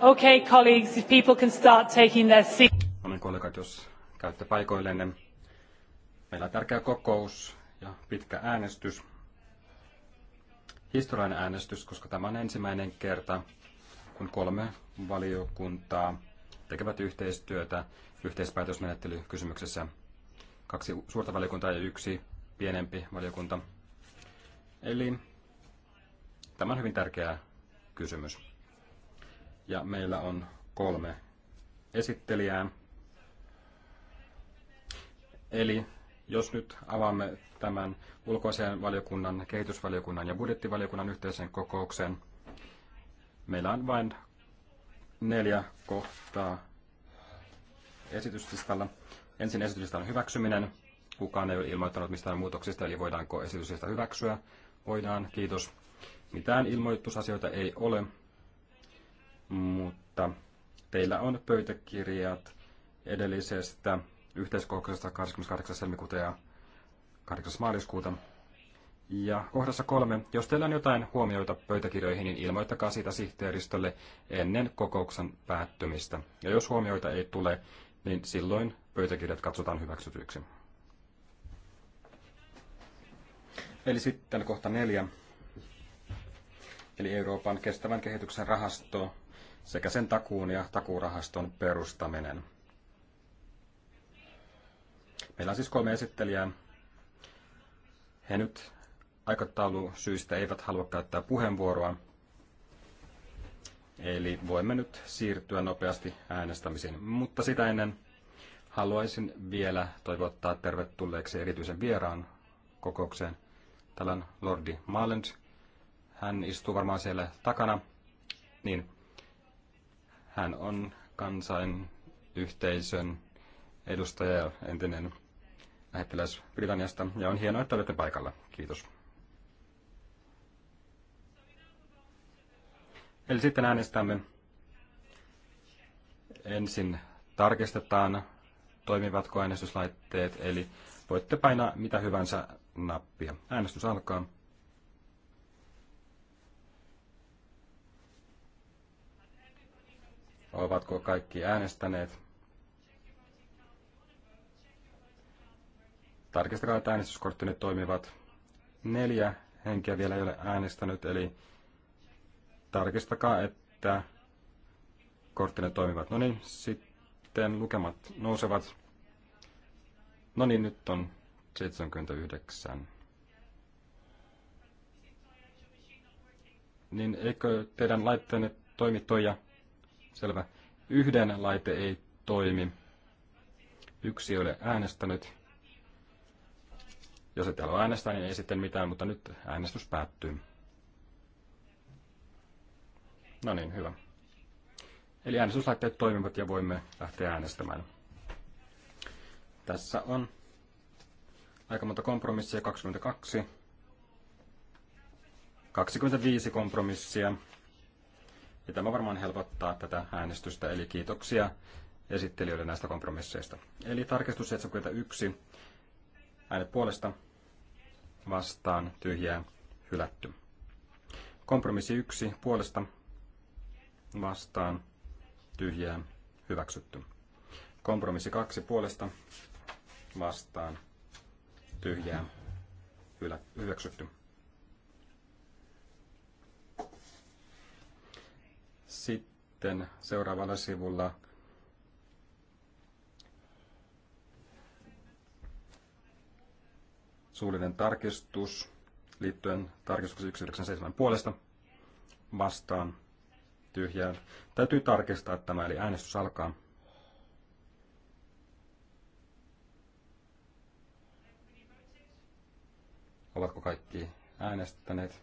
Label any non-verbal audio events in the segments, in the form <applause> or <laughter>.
Okay, colleagues, if people can start taking their no niin, kollegat, jos käytte paikoillenne. Meillä on tärkeä kokous ja pitkä äänestys. Historiallinen äänestys, koska tämä on ensimmäinen kerta, kun kolme valiokuntaa tekevät yhteistyötä yhteispäätösmenettelykysymyksessä. Kaksi suurta valiokuntaa ja yksi pienempi valiokunta. Eli tämä on hyvin tärkeä kysymys ja meillä on kolme esittelijää. Eli jos nyt avaamme tämän ulkoisen valiokunnan, kehitysvaliokunnan ja budjettivaliokunnan yhteisen kokouksen, meillä on vain neljä kohtaa esityslistalla. Ensin esityslistan hyväksyminen. Kukaan ei ole ilmoittanut mistään muutoksista, eli voidaanko esityslista hyväksyä? Voidaan, kiitos. Mitään ilmoitusasioita ei ole, mutta teillä on pöytäkirjat edellisestä yhteiskokouksesta 28. helmikuuta ja 8. maaliskuuta. Ja kohdassa kolme, jos teillä on jotain huomioita pöytäkirjoihin, niin ilmoittakaa siitä sihteeristölle ennen kokouksen päättymistä. Ja jos huomioita ei tule, niin silloin pöytäkirjat katsotaan hyväksytyiksi. Eli sitten kohta neljä, eli Euroopan kestävän kehityksen rahasto sekä sen takuun ja takuurahaston perustaminen. Meillä on siis kolme esittelijää. He nyt syystä eivät halua käyttää puheenvuoroa, eli voimme nyt siirtyä nopeasti äänestämisiin. Mutta sitä ennen haluaisin vielä toivottaa tervetulleeksi erityisen vieraan kokoukseen. Täällä on Lordi Maaland. Hän istuu varmaan siellä takana. Niin, hän on kansainyhteisön edustaja ja entinen lähettiläs Britanniasta, ja on hienoa, että olette paikalla. Kiitos. Eli sitten äänestämme. Ensin tarkistetaan, toimivatko äänestyslaitteet, eli voitte painaa mitä hyvänsä nappia. Äänestys alkaa. Ovatko kaikki äänestäneet? Tarkistakaa, että äänestyskorttini toimivat. Neljä henkeä vielä ei ole äänestänyt, eli tarkistakaa, että korttine toimivat. No niin, sitten lukemat nousevat. No niin, nyt on 79. Niin eikö teidän laitteenne toimi toi ja Selvä. Yhden laite ei toimi. Yksi ei ole äänestänyt. Jos et halua äänestää, niin ei sitten mitään, mutta nyt äänestys päättyy. No niin, hyvä. Eli äänestyslaitteet toimivat ja voimme lähteä äänestämään. Tässä on aika monta kompromissia, 22. 25 kompromissia. Ja tämä varmaan helpottaa tätä äänestystä, eli kiitoksia esittelijöille näistä kompromisseista. Eli tarkistus 71, äänet puolesta, vastaan, tyhjää, hylätty. Kompromissi 1, puolesta, vastaan, tyhjää, hyväksytty. Kompromissi 2, puolesta, vastaan, tyhjää, hyväksytty. Sitten seuraavalla sivulla suullinen tarkistus liittyen tarkistuksen 197 puolesta vastaan tyhjää. Täytyy tarkistaa tämä, eli äänestys alkaa. Ovatko kaikki äänestäneet?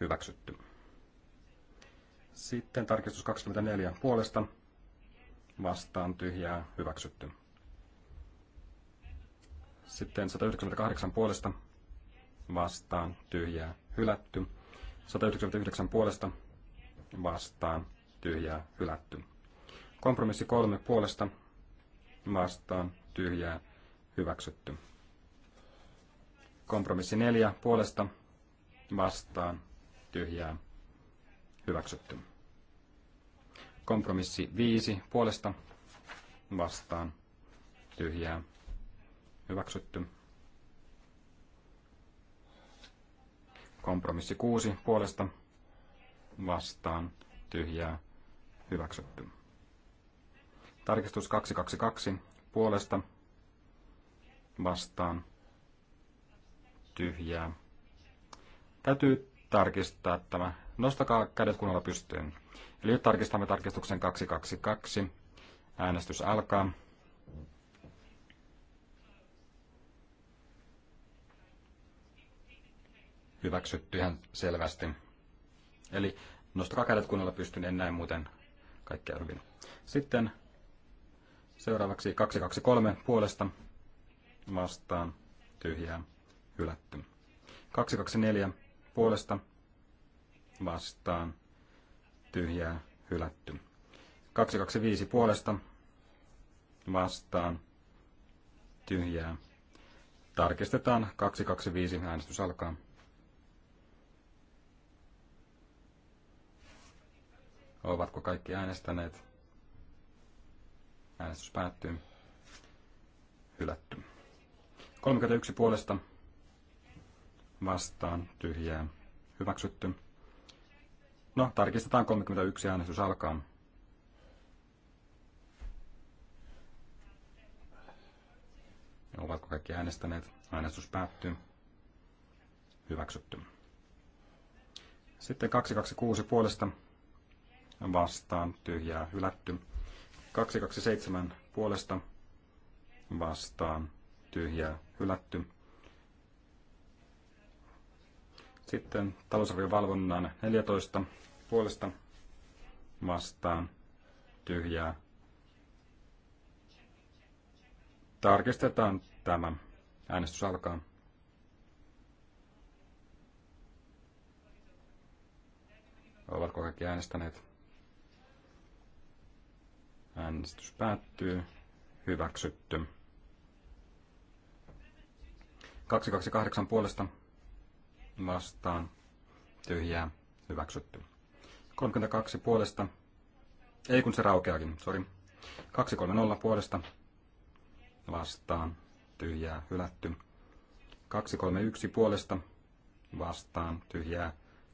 Hyväksytty. Sitten tarkistus 24 puolesta vastaan tyhjää hyväksytty. Sitten 198 puolesta vastaan tyhjää hylätty. 199 puolesta vastaan tyhjää hylätty. Kompromissi 3 puolesta vastaan tyhjää hyväksytty. Kompromissi 4 puolesta vastaan tyhjää hyväksytty. Kompromissi 5 puolesta vastaan tyhjää hyväksytty. Kompromissi 6 puolesta vastaan tyhjää hyväksytty. Tarkistus 222 puolesta vastaan tyhjää. Täytyy tarkistaa tämä. Nostakaa kädet kunnolla pystyyn. Eli nyt tarkistamme tarkistuksen 222. Äänestys alkaa. Hyväksytty ihan selvästi. Eli nostakaa kädet kunnolla pystyyn, en näe muuten kaikkea hyvin. Sitten seuraavaksi 223 puolesta vastaan tyhjää hylätty. 224 puolesta vastaan tyhjää hylätty. 225 puolesta vastaan tyhjää. Tarkistetaan 225 äänestys alkaa. Ovatko kaikki äänestäneet? Äänestys päättyy. Hylätty. 31 puolesta vastaan tyhjää hyväksytty. No, tarkistetaan 31 äänestys alkaa. Ovatko kaikki äänestäneet? Äänestys päättyy. Hyväksytty. Sitten 226 puolesta vastaan tyhjää hylätty. 227 puolesta vastaan tyhjää hylätty. Sitten talousarviovalvonnan 14 puolesta vastaan tyhjää. Tarkistetaan tämä. Äänestys alkaa. Ovatko kaikki äänestäneet? Äänestys päättyy. Hyväksytty. 228 puolesta vastaan tyhjää hyväksytty. 32 puolesta, ei kun se raukeakin, sori. 230 puolesta vastaan tyhjää hylätty. 231 puolesta vastaan tyhjää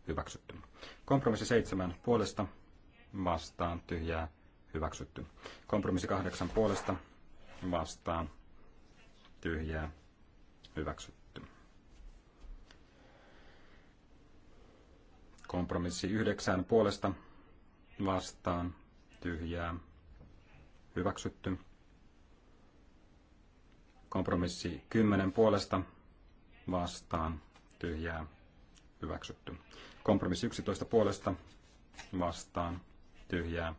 hyväksytty. Kompromissi 7 puolesta vastaan tyhjää hyväksytty. Kompromissi 8 puolesta vastaan tyhjää hyväksytty. Kompromissi yhdeksän puolesta vastaan tyhjää hyväksytty. Kompromissi kymmenen puolesta vastaan tyhjää hyväksytty. Kompromissi 11 puolesta vastaan tyhjää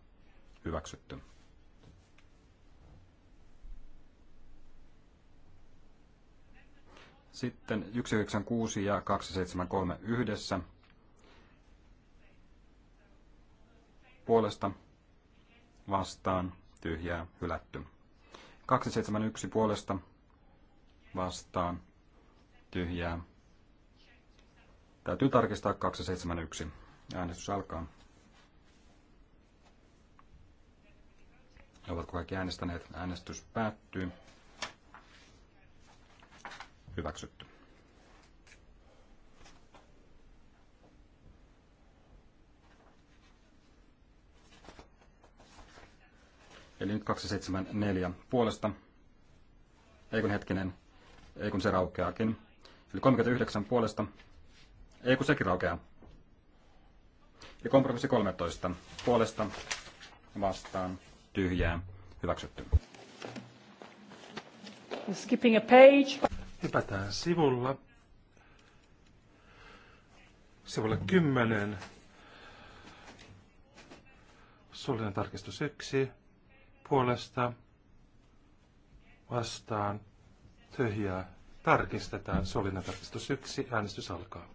hyväksytty. Sitten 196 ja 273 yhdessä puolesta vastaan tyhjää hylätty. 271 puolesta vastaan tyhjää. Täytyy tarkistaa 271. Äänestys alkaa. Ovatko kaikki äänestäneet? Äänestys päättyy. Hyväksytty. Eli nyt 274 puolesta. Ei kun hetkinen, ei kun se raukeakin. Eli 39 puolesta. Ei kun sekin raukeaa. Ja kompromissi 13 puolesta vastaan tyhjää hyväksytty. Skipping a page. Hypätään sivulla. Sivulla 10. Suullinen tarkistus 1 puolesta vastaan tyhjää tarkistetaan. Solina tarkistus 1. Äänestys alkaa.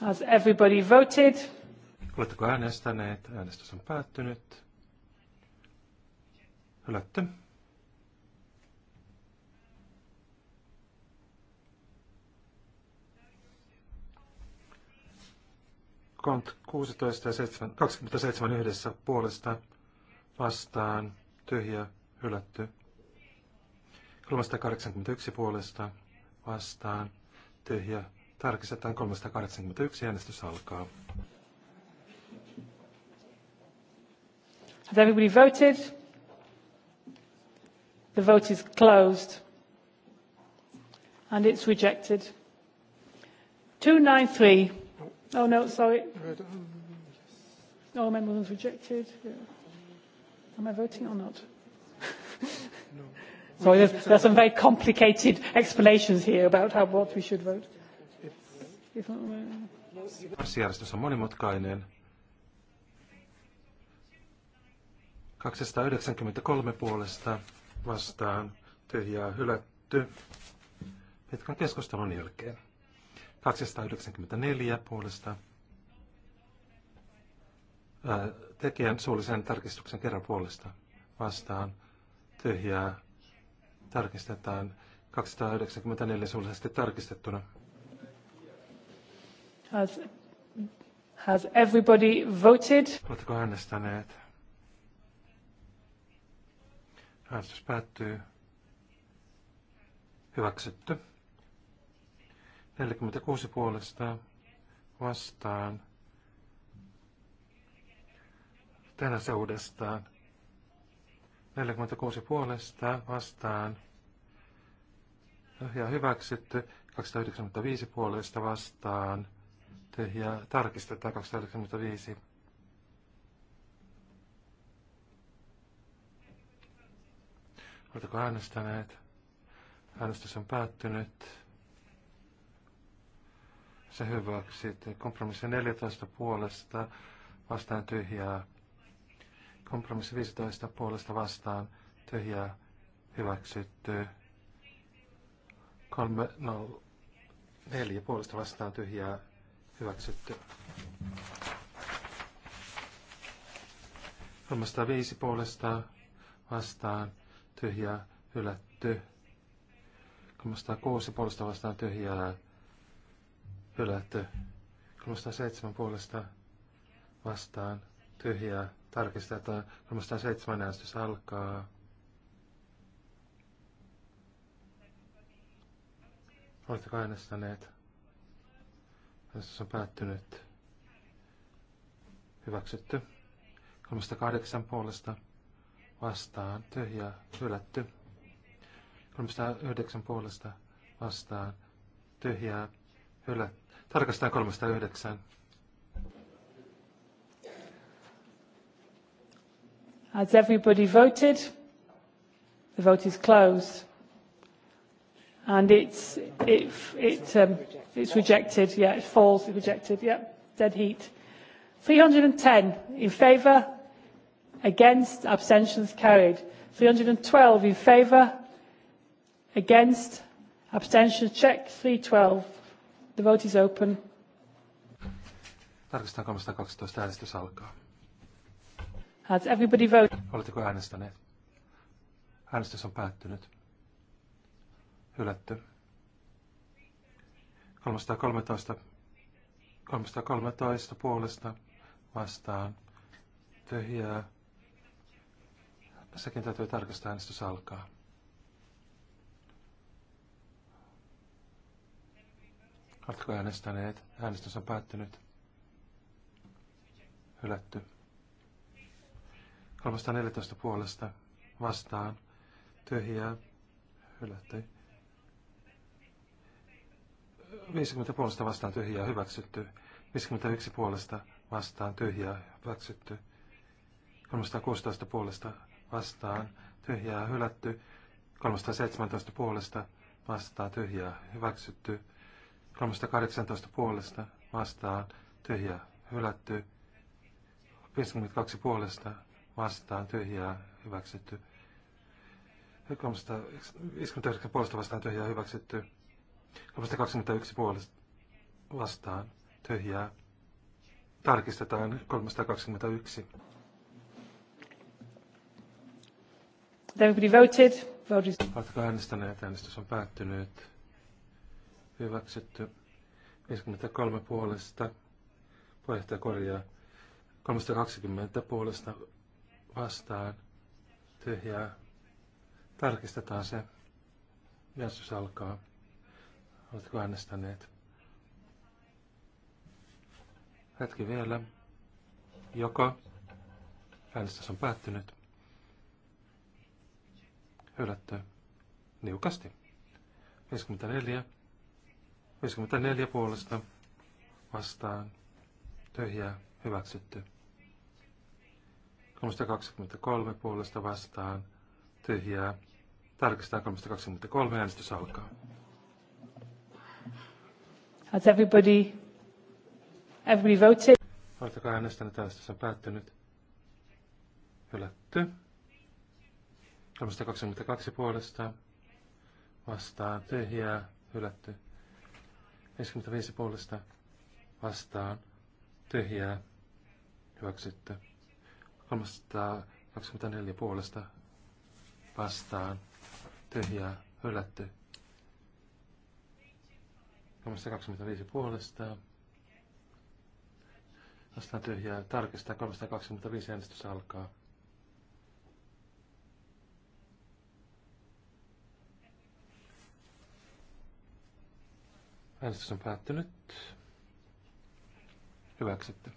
Has everybody voted? Oletteko äänestäneet? Äänestys on päättynyt. Hylätty. Kont 16 ja 7, 27 yhdessä puolesta vastaan tyhjä hylätty. 381 puolesta vastaan tyhjä. Tarkistetaan 381 äänestys alkaa. Has everybody voted? The vote is closed. And it's rejected. 293 Oh, no, sorry. No, amendment was rejected. Yeah. Am I voting or not? no. <laughs> Sorry, there's, there's some very complicated explanations here about how what we should vote. If, if not, uh, Assijärjestys on monimutkainen. 293 puolesta vastaan tyhjää hylätty pitkän keskustelun jälkeen. 294 puolesta. tekijän suullisen tarkistuksen kerran puolesta vastaan tyhjää tarkistetaan 294 suullisesti tarkistettuna. Has, has everybody voted? Oletko äänestäneet? Äänestys päättyy. Hyväksytty. 46 puolesta vastaan. Tänä se uudestaan. 46 puolesta vastaan. Ja hyväksytty. 295 puolesta vastaan. Ja tarkistetaan 295. Oletko äänestäneet? Äänestys on päättynyt se hyväksyttiin. Kompromissi 14 puolesta vastaan tyhjää. Kompromissi 15 puolesta vastaan tyhjää hyväksytty. 304 no, puolesta vastaan tyhjää hyväksytty. 305 puolesta vastaan tyhjää hylätty. 306 puolesta vastaan tyhjää kolmesta 307 puolesta vastaan tyhjää. Tarkistetaan. 307 äänestys alkaa. Oletteko äänestäneet? Äänestys on päättynyt. Hyväksytty. 308 puolesta vastaan tyhjää. Hylätty. 309 puolesta vastaan tyhjää. Hylätty. Tarkastetaan 309. Has everybody voted? The vote is closed. And it's, it, it, um, it's rejected. Yeah, it falls. It's rejected. Yeah, dead heat. 310 in favour. Against. Abstentions carried. 312 in favour. Against. Abstentions checked. 312. The vote is open. Tarkistetaan 312. Äänestys alkaa. Has everybody voted? Oletteko äänestäneet? Äänestys on päättynyt. Hylätty. 313, 313 puolesta vastaan. Tyhjää. Sekin täytyy tarkistaa äänestys alkaa. Oletko äänestäneet? Äänestys on päättynyt. Hylätty. 314 puolesta vastaan. Tyhjää. Hylätty. 50 puolesta vastaan tyhjää hyväksytty. 51 puolesta vastaan tyhjää hyväksytty. 316 puolesta vastaan tyhjää hylätty. 317 puolesta vastaan tyhjää hyväksytty. 318 puolesta vastaan tyhjää hylätty. 52 puolesta vastaan tyhjää hyväksytty. 359 puolesta vastaan tyhjää hyväksytty. 321 puolesta vastaan tyhjää. Tarkistetaan 321. Everybody voted. Voted. Oletko äänestäneet? Äänestys on päättynyt hyväksytty 53 puolesta, puheenjohtaja korjaa 320 puolesta vastaan, tyhjää. Tarkistetaan se. Jäsys alkaa. Oletko äänestäneet? Hetki vielä. Joko. Äänestys on päättynyt. Hylätty. Niukasti. 54 54 puolesta vastaan tyhjää hyväksytty. 323 puolesta vastaan tyhjää. Tarkistetaan 323 äänestys alkaa. Has everybody, everybody voted? Oletteko äänestänyt? Äänestys on päättynyt. Hylätty. 322 puolesta vastaan tyhjää. Hylätty. 55 puolesta vastaan tyhjää hyväksytty. 324 puolesta vastaan tyhjää hylätty. 325 puolesta vastaan tyhjää tarkistaa 325 äänestys alkaa. Äänestys on päättynyt. Hyväksytty.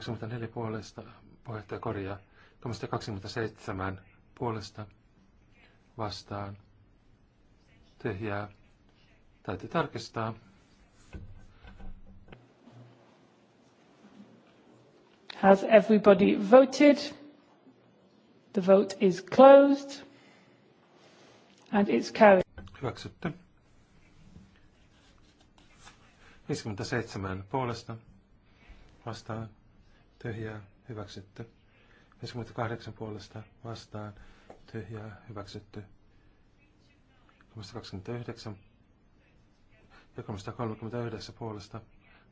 24 puolesta puheenjohtaja korjaa. 27 puolesta vastaan. Tyhjää. Täytyy tarkistaa. Has everybody voted? The vote is closed and it's carried. Hyväksytty. 57 puolesta vastaan tyhjää hyväksytty. 58 puolesta vastaan tyhjää hyväksytty. 329 ja 339 puolesta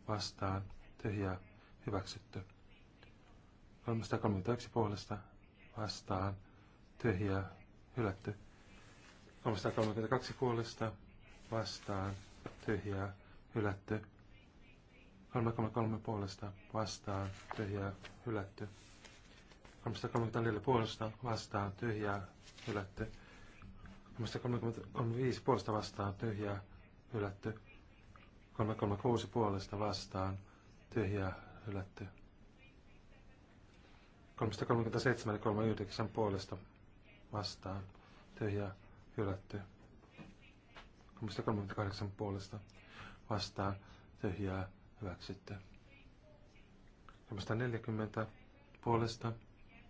vastaan tyhjää hyväksytty. 331 puolesta vastaan tyhjää hylätty. 332 puolesta vastaan tyhjää hylätty hylätty. 333 puolesta vastaan tyhjää hylätty. 334 puolesta vastaan tyhjää hylätty. 335 puolesta vastaan tyhjää hylätty. 336 puolesta vastaan tyhjää hylätty. 337 ja 39 puolesta vastaan tyhjää hylätty. 338 puolesta vastaan tyhjää hyväksytty. 40% puolesta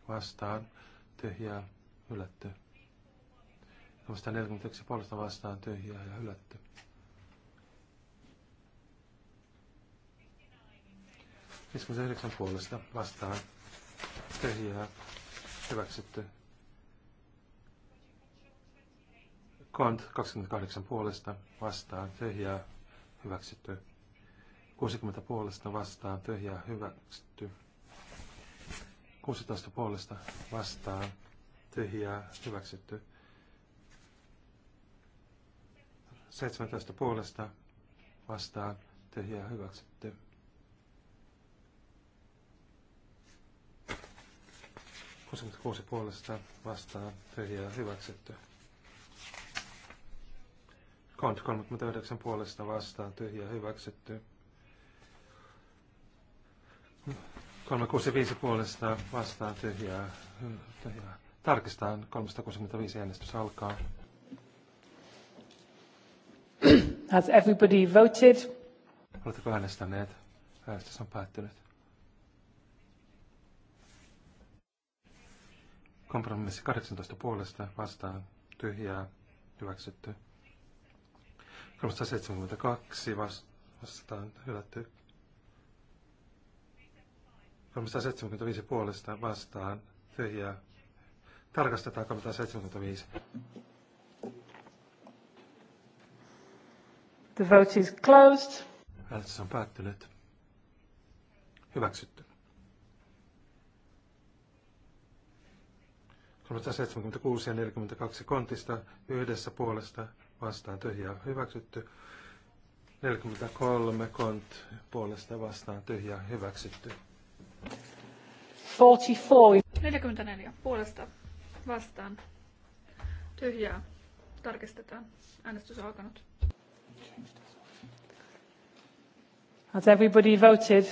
vastaan tyhjää hylätty. 41 puolesta vastaan tyhjää ja hylätty. yhdeksän puolesta vastaan tyhjää hyväksytty. Kont 28 puolesta vastaan tyhjää hyväksytty. 60 puolesta vastaan, tyhjää hyväksytty. 16 puolesta vastaan, tyhjää hyväksytty. 17 puolesta vastaan, tyhjää hyväksytty. kuusi puolesta vastaan, tyhjää hyväksytty. Kont 39 puolesta vastaan tyhjä hyväksytty. 365 puolesta vastaan tyhjää. tyhjää. Tarkistaan 365 äänestys alkaa. <clears throat> Has everybody voted? Oletteko äänestäneet? Äänestys on päättynyt. Kompromissi 18 puolesta vastaan tyhjää hyväksytty. 372 vastaan hylätty. 375 puolesta vastaan tyhjää. Tarkastetaan 375. The vote is closed. Äänestys on päättynyt. Hyväksytty. 376 ja 42 kontista yhdessä puolesta vastaan tyhjää hyväksytty. 43 kont puolesta vastaan tyhjää hyväksytty. 44. 44 puolesta vastaan tyhjää tarkistetaan. Äänestys on alkanut. Has everybody voted?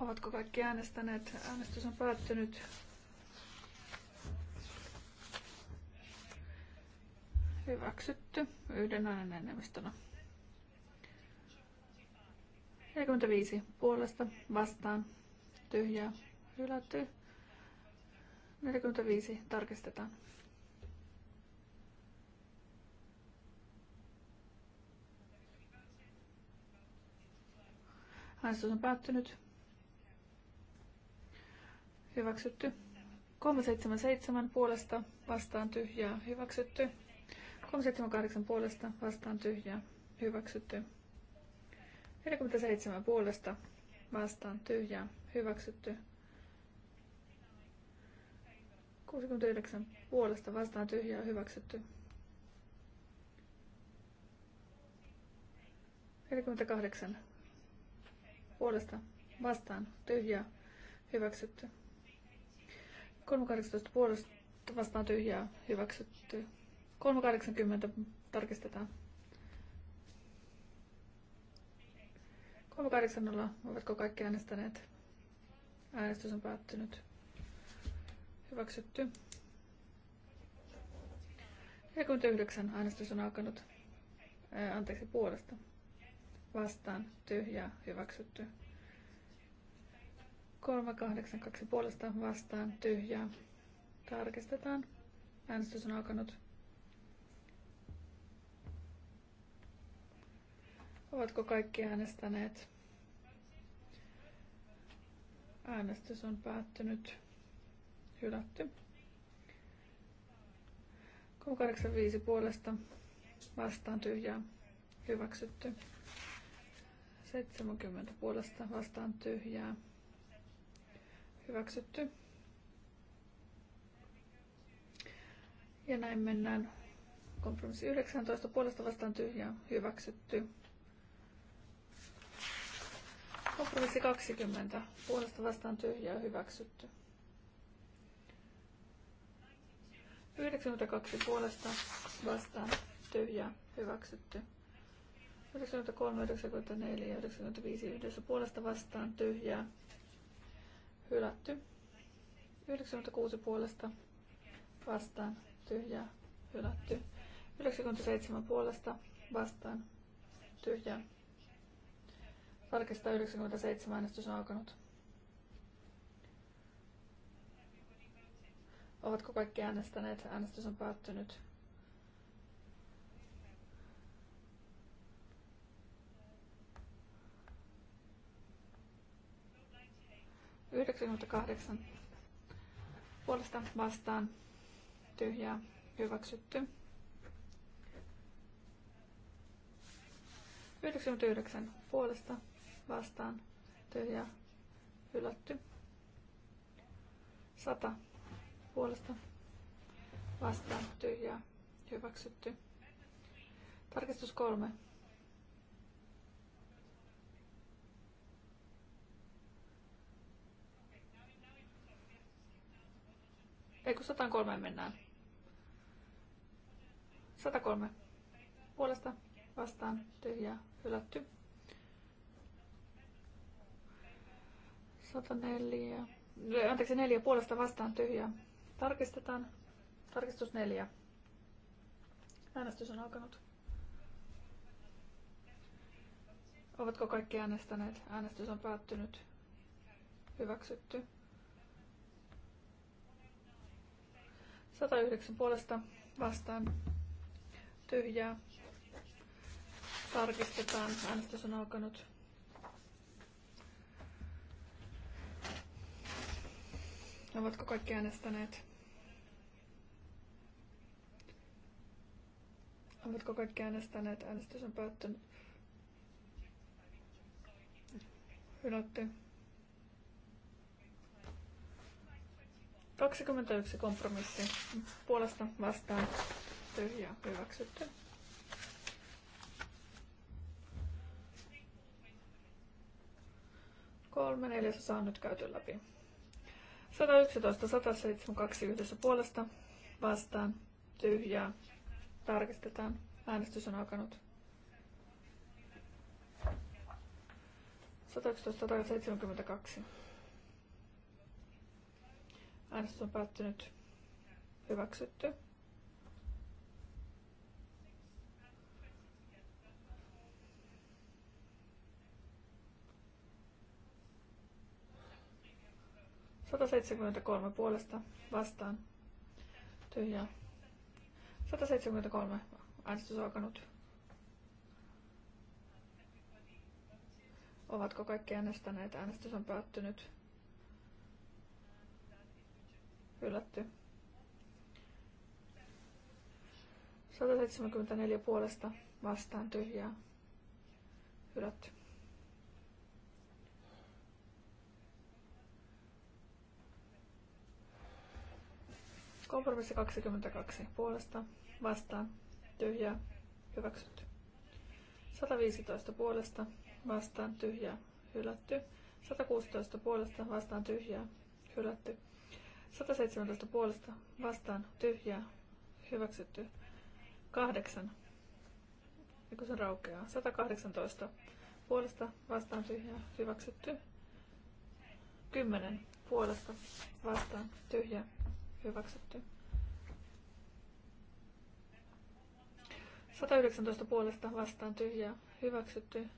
Ovatko kaikki äänestäneet? Äänestys on päättynyt. Hyväksytty yhden äänen enemmistönä. 45 puolesta vastaan tyhjää hylätty. 45 tarkistetaan. Äänestys on päättynyt. Hyväksytty. 377 puolesta vastaan tyhjää hyväksytty. 378 puolesta vastaan tyhjä Hyväksytty. 47 puolesta vastaan tyhjä Hyväksytty. 69 puolesta vastaan tyhjä Hyväksytty. 48 puolesta vastaan tyhjä Hyväksytty. 318 puolesta vastaan tyhjä Hyväksytty. 380 tarkistetaan. 380, ovatko kaikki äänestäneet? Äänestys on päättynyt. Hyväksytty. 49 äänestys on alkanut. anteeksi, puolesta. Vastaan. tyhjä Hyväksytty. 382 puolesta vastaan. tyhjä Tarkistetaan. Äänestys on alkanut. Ovatko kaikki äänestäneet? Äänestys on päättynyt. Hylätty. 85 puolesta vastaan tyhjää. Hyväksytty. 70 puolesta vastaan tyhjää. Hyväksytty. Ja näin mennään kompromissi 19 puolesta vastaan tyhjää. Hyväksytty. Kompromissi 20. Puolesta vastaan tyhjää hyväksytty. 92 puolesta vastaan tyhjää hyväksytty. 93, 94 ja 95 yhdessä puolesta vastaan tyhjää hylätty. 96 puolesta vastaan tyhjää hylätty. 97 puolesta vastaan tyhjää Tarkistaa 97 äänestys on alkanut. Ovatko kaikki äänestäneet? Äänestys on päättynyt. Yhdeksänkymmentäkahdeksan. Puolesta vastaan. Tyhjää. Hyväksytty. 99 puolesta vastaan tyhjä hylätty. sata puolesta vastaan tyhjä hyväksytty. Tarkistus kolme Ei kun 103 mennään. 103. Puolesta vastaan tyhjää hylätty. 104. Anteeksi, neljä puolesta vastaan tyhjä. Tarkistetaan. Tarkistus neljä. Äänestys on alkanut. Ovatko kaikki äänestäneet? Äänestys on päättynyt. Hyväksytty. 109 puolesta vastaan tyhjää. Tarkistetaan. Äänestys on alkanut. Ovatko kaikki äänestäneet? Ovatko kaikki äänestäneet? Äänestys on päättynyt. Hylätty. 21 kompromissi. Puolesta vastaan tyhjä hyväksytty. Kolme neljäsosaa on nyt käyty läpi. 111, 172 yhdessä puolesta vastaan tyhjää. Tarkistetaan. Äänestys on alkanut. 111, 172. Äänestys on päättynyt. Hyväksytty. 173 puolesta vastaan. Tyhjää. 173. Äänestys alkanut. Ovatko kaikki äänestäneet? Äänestys on päättynyt. Hylätty. 174 puolesta vastaan tyhjää. Hylätty. Kompromissi 22 puolesta vastaan tyhjää hyväksytty. 115 puolesta vastaan tyhjää hylätty. 116 puolesta vastaan tyhjää hylätty. 117 puolesta vastaan tyhjää hyväksytty. 8. Eikö se raukeaa? 118 puolesta vastaan tyhjää hyväksytty. 10 puolesta vastaan tyhjää Hyväksytty. 119 puolesta vastaan tyhjää. Hyväksytty.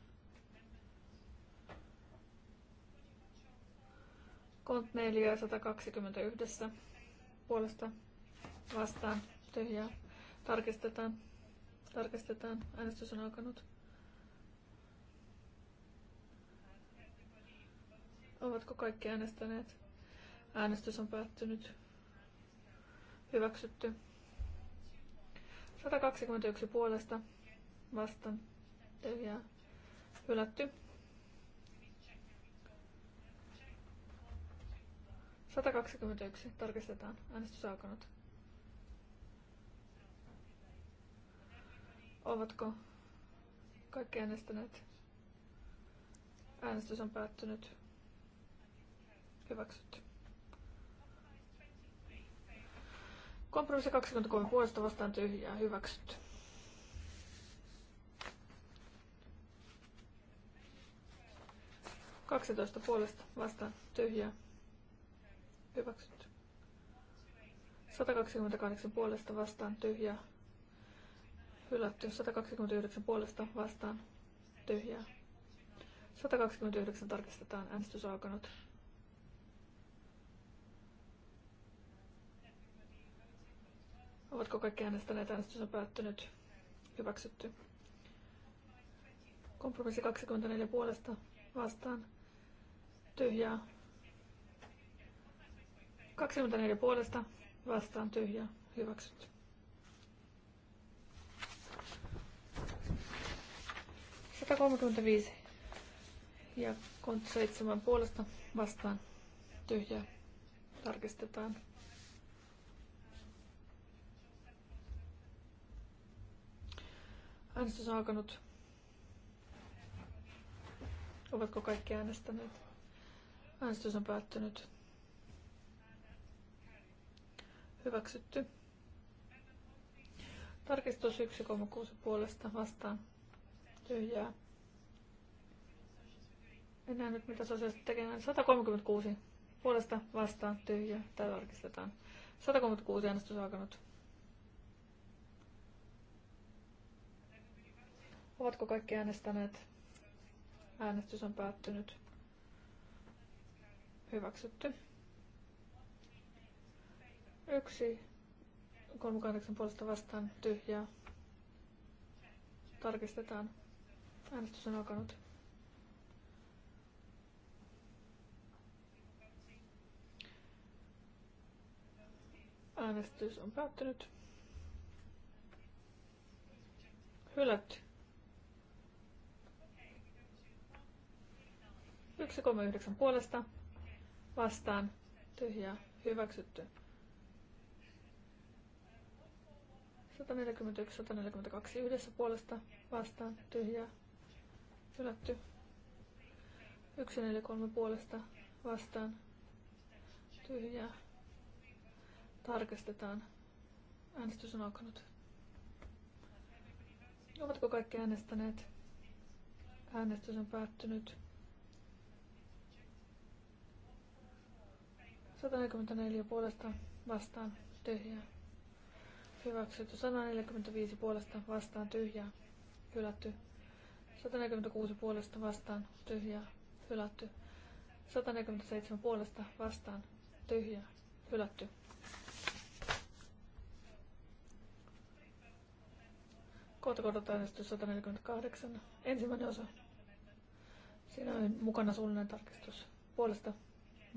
Kont 4 121 puolesta vastaan tyhjää. Tarkistetaan. Tarkistetaan. Äänestys on alkanut. Ovatko kaikki äänestäneet? Äänestys on päättynyt. Hyväksytty. 121 puolesta vastaan. Tyhjää. Hylätty. 121. Tarkistetaan. Äänestys alkanut. Ovatko kaikki äänestäneet? Äänestys on päättynyt. Hyväksytty. Kompromissi 23 puolesta vastaan tyhjää hyväksytty. Kaksitoista puolesta vastaan tyhjää hyväksytty. 128 puolesta vastaan tyhjää hylätty. 129 puolesta vastaan tyhjää. 129 tarkistetaan. Äänestys alkanut. Ovatko kaikki äänestäneet? Äänestys on päättynyt. Hyväksytty. Kompromissi 24 puolesta vastaan. Tyhjää. 24 puolesta vastaan tyhjää. Hyväksytty. viisi ja kont 7 puolesta vastaan tyhjää. Tarkistetaan. Äänestys on alkanut. Ovatko kaikki äänestäneet? Äänestys on päättynyt. Hyväksytty. Tarkistus 1,6 puolesta vastaan. Tyhjää. En näe nyt mitä sosiaaliset tekemään. 136 puolesta vastaan tyhjää. Tämä tarkistetaan. 136 äänestys alkanut. Ovatko kaikki äänestäneet? Äänestys on päättynyt. Hyväksytty. Yksi. 38 puolesta vastaan. Tyhjää. Tarkistetaan. Äänestys on alkanut. Äänestys on päättynyt. Hylätty. 139 puolesta vastaan tyhjää hyväksytty. 141, 142 yhdessä puolesta vastaan tyhjää hylätty. 143 puolesta vastaan tyhjää. Tarkistetaan. Äänestys on alkanut. Ovatko kaikki äänestäneet? Äänestys on päättynyt. 144 puolesta vastaan tyhjää. Hyväksytty 145 puolesta vastaan tyhjää. Hylätty 146 puolesta vastaan tyhjää. Hylätty 147 puolesta vastaan tyhjää. Hylätty. Kohta kordotäänestys 148. Ensimmäinen osa. Siinä on mukana suullinen tarkistus. Puolesta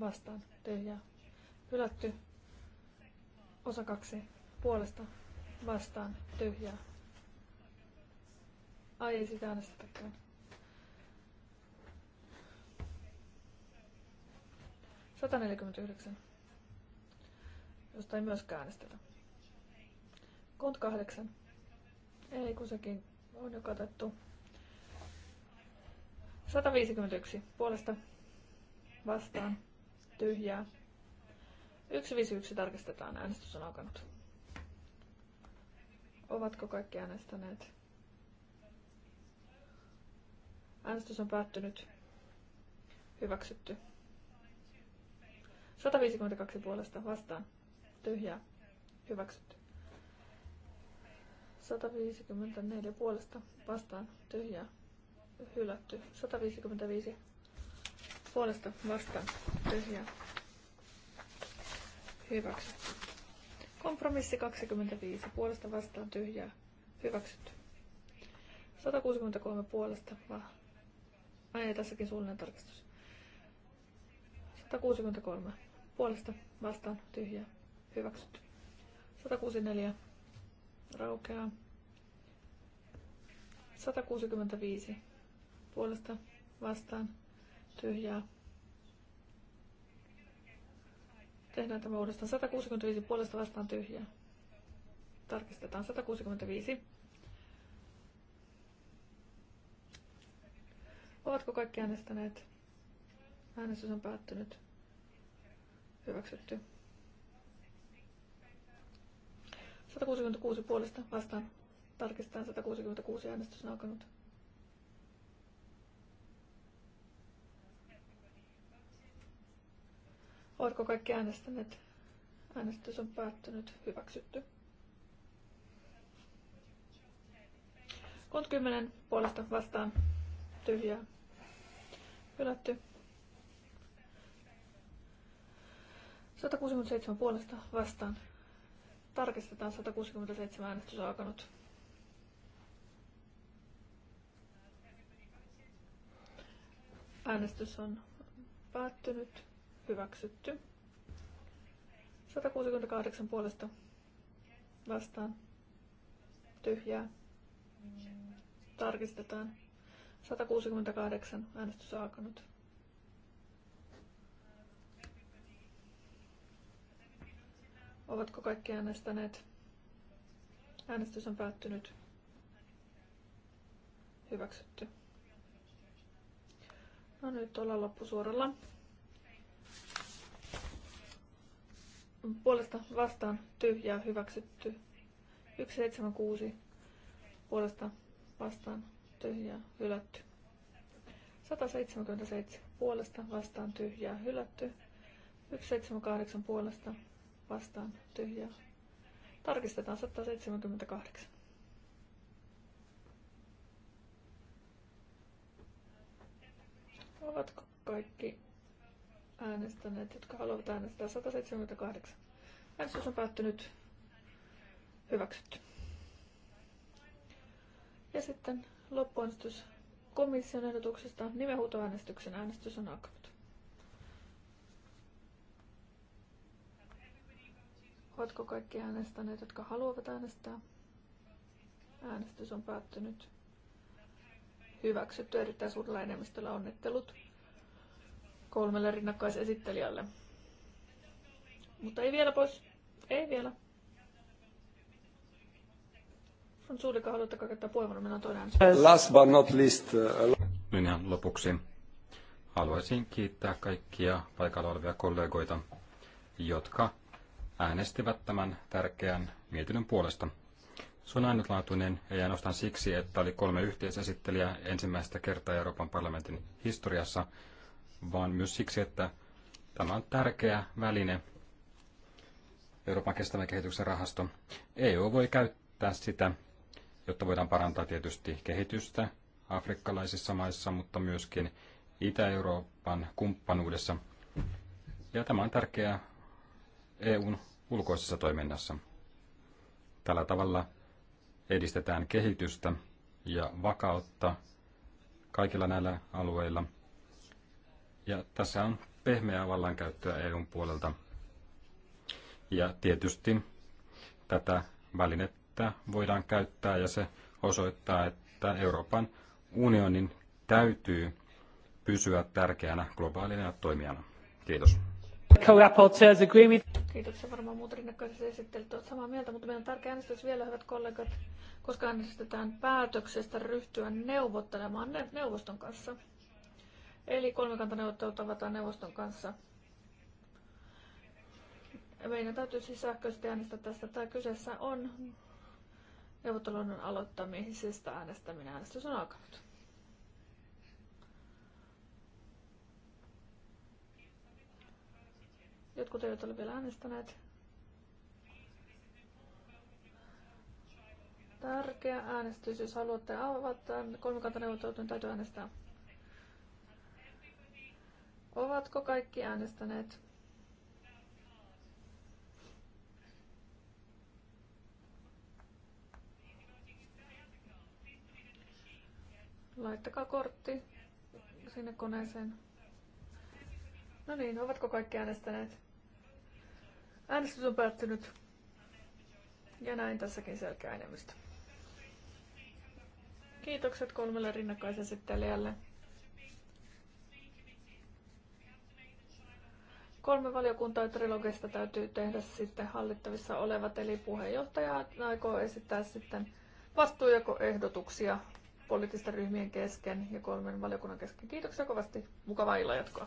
vastaan tyhjää Hylätty. Osa kaksi. Puolesta. Vastaan. Tyhjää. Ai ei sitä äänestetäkään. Josta ei myöskään äänestetä. Kont kahdeksan. Ei, kun sekin on jo katettu. 151. Puolesta vastaan. Tyhjää. 151 tarkistetaan. Äänestys on alkanut. Ovatko kaikki äänestäneet? Äänestys on päättynyt. Hyväksytty. 152 puolesta vastaan. Tyhjää. Hyväksytty. 154 puolesta vastaan. Tyhjää. Hylätty. 155 puolesta vastaan. Tyhjää. Hyväksytty. Kompromissi 25. Puolesta vastaan tyhjää. Hyväksytty. 163 puolesta. Ai, tässäkin suullinen tarkistus. 163. Puolesta vastaan tyhjää. Hyväksytty. 164. Raukeaa. 165. Puolesta vastaan tyhjää. Tehdään tämä uudestaan 165 puolesta vastaan tyhjää. Tarkistetaan 165. Ovatko kaikki äänestäneet? Äänestys on päättynyt. Hyväksytty. 166 puolesta vastaan. Tarkistetaan 166 äänestys on alkanut. Oletko kaikki äänestäneet? Äänestys on päättynyt. Hyväksytty. Kunt kymmenen puolesta vastaan. Tyhjää. Hylätty. 167 puolesta vastaan. Tarkistetaan 167 äänestys on alkanut. Äänestys on päättynyt hyväksytty. 168 puolesta vastaan tyhjää. Tarkistetaan. 168 äänestys alkanut. Ovatko kaikki äänestäneet? Äänestys on päättynyt. Hyväksytty. No nyt ollaan loppusuoralla. puolesta vastaan tyhjää hyväksytty. 176 puolesta vastaan tyhjää hylätty. 177 puolesta vastaan tyhjää hylätty. 178 puolesta vastaan tyhjää. Tarkistetaan 178. Ovatko kaikki äänestäneet, jotka haluavat äänestää 178. Äänestys on päättynyt. Hyväksytty. Ja sitten loppuäänestys komission ehdotuksesta. Nimenhuutoäänestyksen äänestys on alkanut. Ovatko kaikki äänestäneet, jotka haluavat äänestää? Äänestys on päättynyt. Hyväksytty erittäin suurella enemmistöllä onnittelut kolmelle rinnakkaisesittelijälle. Mutta ei vielä pois. Ei vielä. On suullika, haluatteko kaikettaa puheenvuoron? mennään toinen Last but not least. Minä uh, niin lopuksi haluaisin kiittää kaikkia paikalla olevia kollegoita, jotka äänestivät tämän tärkeän mietinnön puolesta. Se on ainutlaatuinen, ei ainoastaan siksi, että oli kolme yhteisesittelijää ensimmäistä kertaa Euroopan parlamentin historiassa, vaan myös siksi, että tämä on tärkeä väline, Euroopan kestävän kehityksen rahasto. EU voi käyttää sitä, jotta voidaan parantaa tietysti kehitystä afrikkalaisissa maissa, mutta myöskin Itä-Euroopan kumppanuudessa. Ja tämä on tärkeää EUn ulkoisessa toiminnassa. Tällä tavalla edistetään kehitystä ja vakautta kaikilla näillä alueilla. Ja tässä on pehmeää vallankäyttöä EUn puolelta. Ja tietysti tätä välinettä voidaan käyttää ja se osoittaa, että Euroopan unionin täytyy pysyä tärkeänä globaalina toimijana. Kiitos. Se Varmaan muut rinnakkaiset esittelyt ovat samaa mieltä, mutta meidän on tärkeä äänestys vielä, hyvät kollegat, koska äänestetään päätöksestä ryhtyä neuvottelemaan neuvoston kanssa. Eli kolmikantaneuvottelut avataan neuvoston kanssa. Meidän täytyy siis sähköisesti äänestää tästä. Tämä kyseessä on neuvottelun aloittamisesta äänestäminen. Äänestys on alkanut. Jotkut eivät ole vielä äänestäneet. Tärkeä äänestys, jos haluatte avata kolmikantaneuvottelut, niin täytyy äänestää. Ovatko kaikki äänestäneet? Laittakaa kortti sinne koneeseen. No niin, ovatko kaikki äänestäneet? Äänestys on päättynyt. Ja näin tässäkin selkeä enemmistö. Kiitokset kolmelle rinnakkaisesittelijälle. Kolme valiokuntaa trilogista täytyy tehdä sitten hallittavissa olevat, eli puheenjohtaja aikoo esittää sitten vastuujakoehdotuksia poliittisten ryhmien kesken ja kolmen valiokunnan kesken. Kiitoksia kovasti. Mukavaa illanjatkoa.